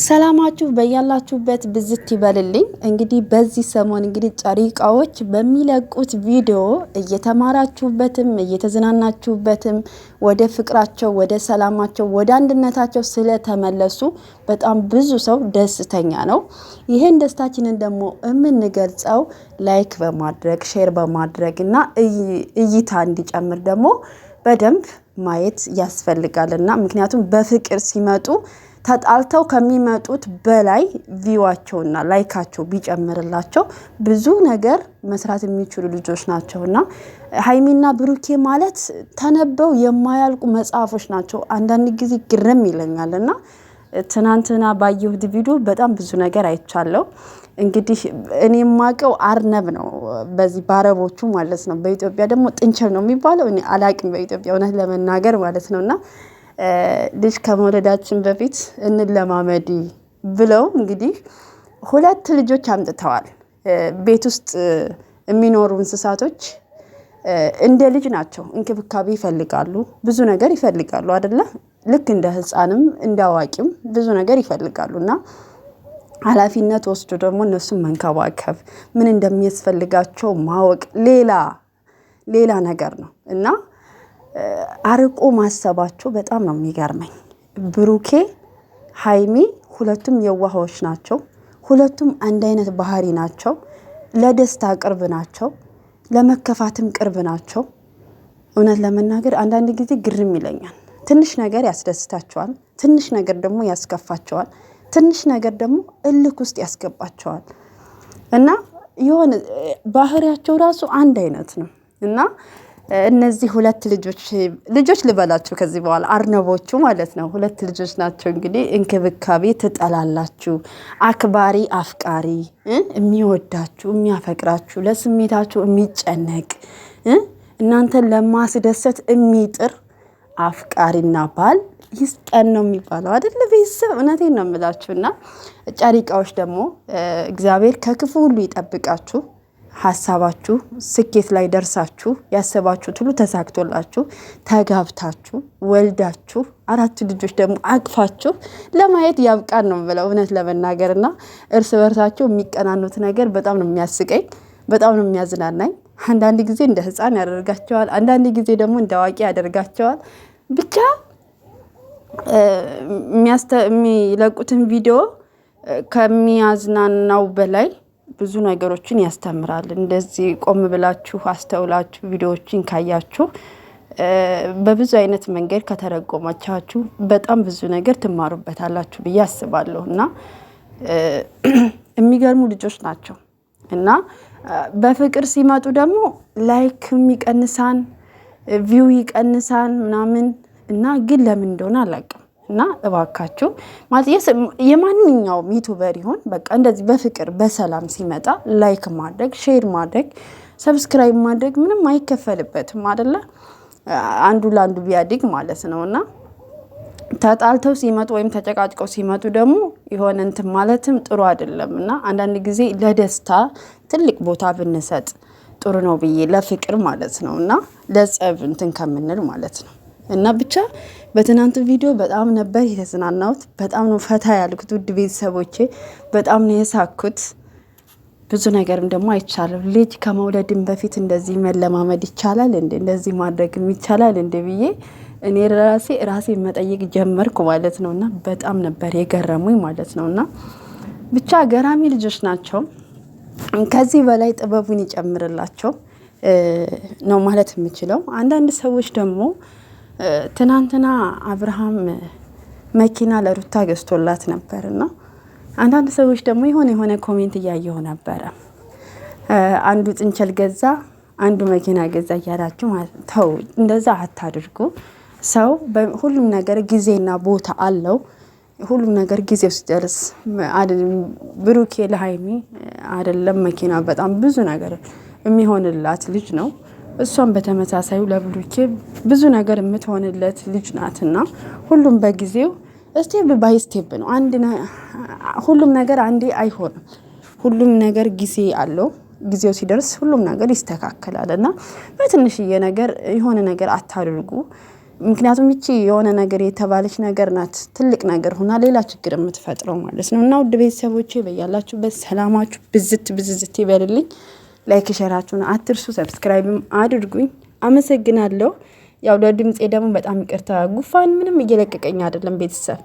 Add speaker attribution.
Speaker 1: ሰላማችሁ በያላችሁበት ብዝት ይበልልኝ። እንግዲህ በዚህ ሰሞን እንግዲህ ጨሪቃዎች በሚለቁት ቪዲዮ እየተማራችሁበትም እየተዝናናችሁበትም ወደ ፍቅራቸው፣ ወደ ሰላማቸው፣ ወደ አንድነታቸው ስለተመለሱ በጣም ብዙ ሰው ደስተኛ ነው። ይህን ደስታችንን ደግሞ የምንገልጸው ላይክ በማድረግ ሼር በማድረግ እና እይታ እንዲጨምር ደግሞ በደንብ ማየት ያስፈልጋል እና ምክንያቱም በፍቅር ሲመጡ ተጣልተው ከሚመጡት በላይ ቪዋቸውና ላይካቸው ቢጨምርላቸው ብዙ ነገር መስራት የሚችሉ ልጆች ናቸው እና ሀይሚና ብሩኬ ማለት ተነበው የማያልቁ መጽሐፎች ናቸው። አንዳንድ ጊዜ ግርም ይለኛል እና ትናንትና ባየሁት ቪዲዮ በጣም ብዙ ነገር አይቻለሁ። እንግዲህ እኔ የማውቀው አርነብ ነው፣ በዚህ በአረቦቹ ማለት ነው። በኢትዮጵያ ደግሞ ጥንቸል ነው የሚባለው። እኔ አላቅም በኢትዮጵያ እውነት ለመናገር ማለት ነው። እና ልጅ ከመውለዳችን በፊት እንለማመድ ብለው እንግዲህ ሁለት ልጆች አምጥተዋል። ቤት ውስጥ የሚኖሩ እንስሳቶች እንደ ልጅ ናቸው። እንክብካቤ ይፈልጋሉ፣ ብዙ ነገር ይፈልጋሉ አይደለ? ልክ እንደ ህፃንም እንደ አዋቂም ብዙ ነገር ይፈልጋሉ እና ኃላፊነት ወስዶ ደግሞ እነሱን መንከባከብ ምን እንደሚያስፈልጋቸው ማወቅ ሌላ ሌላ ነገር ነው እና አርቆ ማሰባቸው በጣም ነው የሚገርመኝ። ብሩኬ ሀይሚ ሁለቱም የዋሃዎች ናቸው። ሁለቱም አንድ አይነት ባህሪ ናቸው። ለደስታ ቅርብ ናቸው፣ ለመከፋትም ቅርብ ናቸው። እውነት ለመናገር አንዳንድ ጊዜ ግርም ይለኛል። ትንሽ ነገር ያስደስታቸዋል፣ ትንሽ ነገር ደግሞ ያስከፋቸዋል። ትንሽ ነገር ደግሞ እልክ ውስጥ ያስገባቸዋል እና የሆነ ባህሪያቸው ራሱ አንድ አይነት ነው እና እነዚህ ሁለት ልጆች ልጆች ልበላችሁ ከዚህ በኋላ አርነቦቹ ማለት ነው። ሁለት ልጆች ናቸው እንግዲህ እንክብካቤ ትጠላላችሁ፣ አክባሪ አፍቃሪ፣ የሚወዳችሁ የሚያፈቅራችሁ፣ ለስሜታችሁ የሚጨነቅ እናንተን ለማስደሰት የሚጥር አፍቃሪና ባል ይስጠን ነው የሚባለው አይደል? ቤተሰብ እውነቴን ነው የምላችሁና ጨሪቃዎች ደግሞ እግዚአብሔር ከክፉ ሁሉ ይጠብቃችሁ። ሀሳባችሁ ስኬት ላይ ደርሳችሁ ያሰባችሁት ሁሉ ተሳክቶላችሁ ተጋብታችሁ ወልዳችሁ አራቱ ልጆች ደግሞ አቅፋችሁ ለማየት ያብቃን ነው ብለው እውነት ለመናገር እና እርስ በርሳቸው የሚቀናኑት ነገር በጣም ነው የሚያስቀኝ፣ በጣም ነው የሚያዝናናኝ። አንዳንድ ጊዜ እንደ ህፃን ያደርጋቸዋል፣ አንዳንድ ጊዜ ደግሞ እንደ አዋቂ ያደርጋቸዋል። ብቻ የሚለቁትን ቪዲዮ ከሚያዝናናው በላይ ብዙ ነገሮችን ያስተምራል። እንደዚህ ቆም ብላችሁ አስተውላችሁ ቪዲዮዎችን ካያችሁ በብዙ አይነት መንገድ ከተረጎማቻችሁ በጣም ብዙ ነገር ትማሩበታላችሁ ብዬ አስባለሁ እና የሚገርሙ ልጆች ናቸው እና በፍቅር ሲመጡ ደግሞ ላይክም ይቀንሳን ቪው ይቀንሳን ምናምን እና ግን ለምን እንደሆነ አላውቅም። እና እባካችሁ የማንኛውም ዩቱበር ይሆን በቃ እንደዚህ በፍቅር በሰላም ሲመጣ ላይክ ማድረግ፣ ሼር ማድረግ፣ ሰብስክራይብ ማድረግ ምንም አይከፈልበትም አደለ? አንዱ ለአንዱ ቢያድግ ማለት ነው እና ተጣልተው ሲመጡ ወይም ተጨቃጭቀው ሲመጡ ደግሞ የሆነ እንትን ማለትም ጥሩ አይደለም እና አንዳንድ ጊዜ ለደስታ ትልቅ ቦታ ብንሰጥ ጥሩ ነው ብዬ ለፍቅር ማለት ነው እና ለጸብ እንትን ከምንል ማለት ነው እና ብቻ በትናንት ቪዲዮ በጣም ነበር የተዝናናሁት። በጣም ነው ፈታ ያልኩት ውድ ቤተሰቦቼ፣ በጣም ነው የሳኩት። ብዙ ነገርም ደግሞ አይቻለም። ልጅ ከመውለድም በፊት እንደዚህ መለማመድ ይቻላል እንዴ? እንደዚህ ማድረግም ይቻላል እንዴ ብዬ እኔ ራሴ ራሴ መጠየቅ ጀመርኩ ማለት ነው። እና በጣም ነበር የገረሙኝ ማለት ነው። እና ብቻ ገራሚ ልጆች ናቸው። ከዚህ በላይ ጥበቡን ይጨምርላቸው ነው ማለት የምችለው። አንዳንድ ሰዎች ደግሞ ትናንትና አብርሃም መኪና ለሩታ ገዝቶላት ነበር እና አንዳንድ ሰዎች ደግሞ የሆነ የሆነ ኮሜንት እያየሁ ነበረ። አንዱ ጥንቸል ገዛ፣ አንዱ መኪና ገዛ እያላችሁ ተው፣ እንደዛ አታድርጉ። ሰው ሁሉም ነገር ጊዜና ቦታ አለው። ሁሉም ነገር ጊዜው ሲደርስ ብሩኬ ለሀይሚ አይደለም መኪና በጣም ብዙ ነገር የሚሆንላት ልጅ ነው። እሷም በተመሳሳዩ ለብሩኬ ብዙ ነገር የምትሆንለት ልጅ ናትና ሁሉም በጊዜው ስቴፕ ባይ ስቴፕ ነው። ሁሉም ነገር አንዴ አይሆንም። ሁሉም ነገር ጊዜ አለው። ጊዜው ሲደርስ ሁሉም ነገር ይስተካከላል እና በትንሽዬ ነገር የሆነ ነገር አታድርጉ። ምክንያቱም ይቺ የሆነ ነገር የተባለች ነገር ናት ትልቅ ነገር ሆና ሌላ ችግር የምትፈጥረው ማለት ነው። እና ውድ ቤተሰቦች በያላችሁበት ሰላማችሁ ብዝት ብዝዝት ይበልልኝ። ላይክ ሸራችሁን አትርሱ፣ ሰብስክራይብም አድርጉኝ። አመሰግናለሁ። ያው ለድምፄ ደግሞ በጣም ይቅርታ፣ ጉፋን ምንም እየለቀቀኝ አይደለም ቤተሰብ